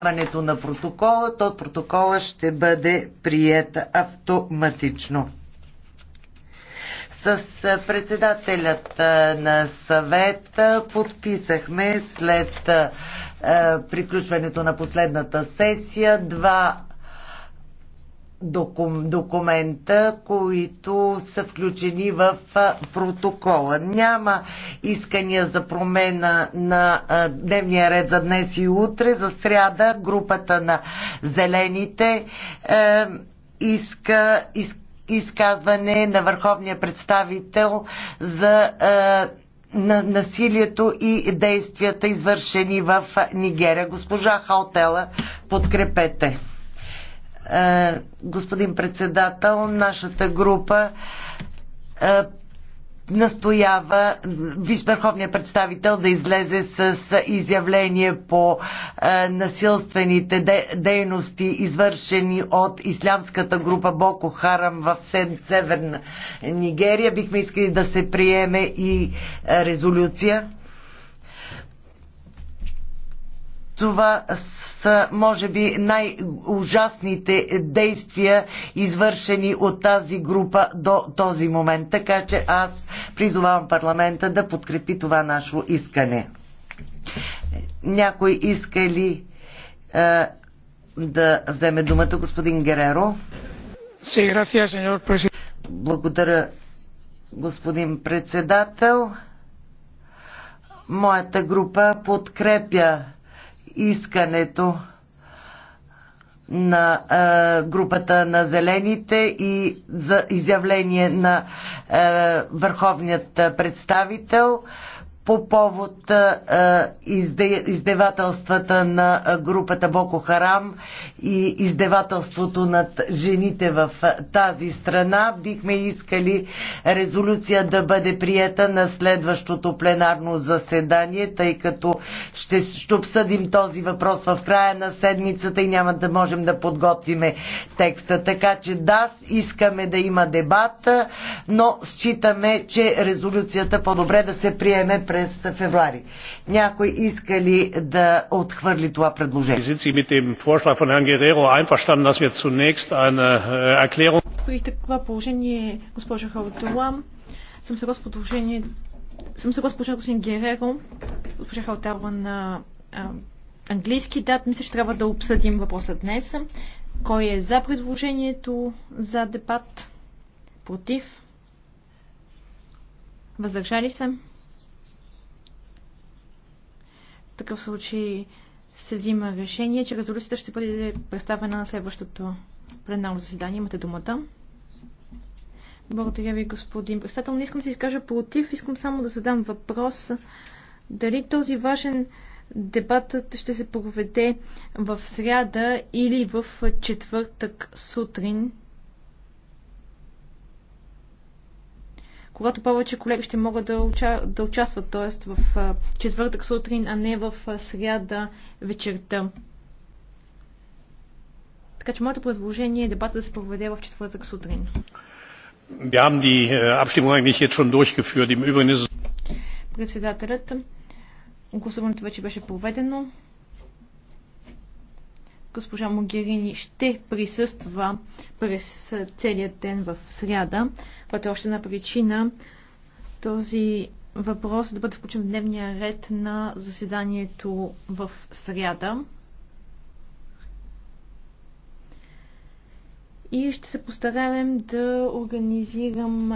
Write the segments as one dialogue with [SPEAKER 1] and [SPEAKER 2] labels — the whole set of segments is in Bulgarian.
[SPEAKER 1] приемането на протокола, то протокола ще бъде прият автоматично. С председателят на съвета подписахме след приключването на последната сесия два докум, документа, които са включени в протокола. Няма искания за промена на дневния ред за днес и утре. За сряда групата на зелените е, иска, из, изказване на върховния представител за е, на насилието и действията, извършени в Нигерия. Госпожа Халтела, подкрепете. Е, господин председател, нашата група е, настоява Висперховният представител да излезе с изявление по е, насилствените дейности, извършени от ислямската група Боко Харам в Северна Нигерия. Бихме искали да се приеме и резолюция. Това са, може би, най-ужасните действия, извършени от тази група до този момент. Така че аз призовавам парламента да подкрепи това наше искане. Някой иска ли е, да вземе думата господин Гереро? Благодаря, господин председател. Моята група подкрепя искането на е, групата на зелените и за изявление на е, върховният представител по повод издевателствата на групата Боко Харам и издевателството над жените в тази страна. Бихме искали резолюция да бъде приета на следващото пленарно заседание, тъй като ще, ще обсъдим този въпрос в края на седмицата и няма да можем да подготвиме текста. Така че да, искаме да има дебат, но считаме, че резолюцията по-добре да се приеме пред през февруари. Някой иска ли да отхвърли това предложение? Äh,
[SPEAKER 2] При положение, съм съгласен предложение... Съм с господин Гереро, госпожа Халтала на а, английски дат. Мисля, че трябва да обсъдим въпроса днес. Кой е за предложението за дебат? Против? Въздържали се? такъв случай се взима решение, че резолюцията ще бъде представена на следващото пленарно заседание. Имате думата. Благодаря ви, господин председател. Не искам да се изкажа против, искам само да задам въпрос дали този важен дебатът ще се проведе в сряда или в четвъртък сутрин когато повече колеги ще могат да, уча, да участват, т.е. в четвъртък сутрин, а не в сряда вечерта. Така че моето предложение е дебата да се проведе в четвъртък сутрин. Е, Председателят, гласуването вече беше проведено госпожа Могерини ще присъства през целият ден в сряда. Това е още една причина този въпрос да бъде включен в дневния ред на заседанието в сряда. И ще се постараем да организирам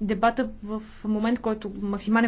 [SPEAKER 2] дебата в момент, който максимален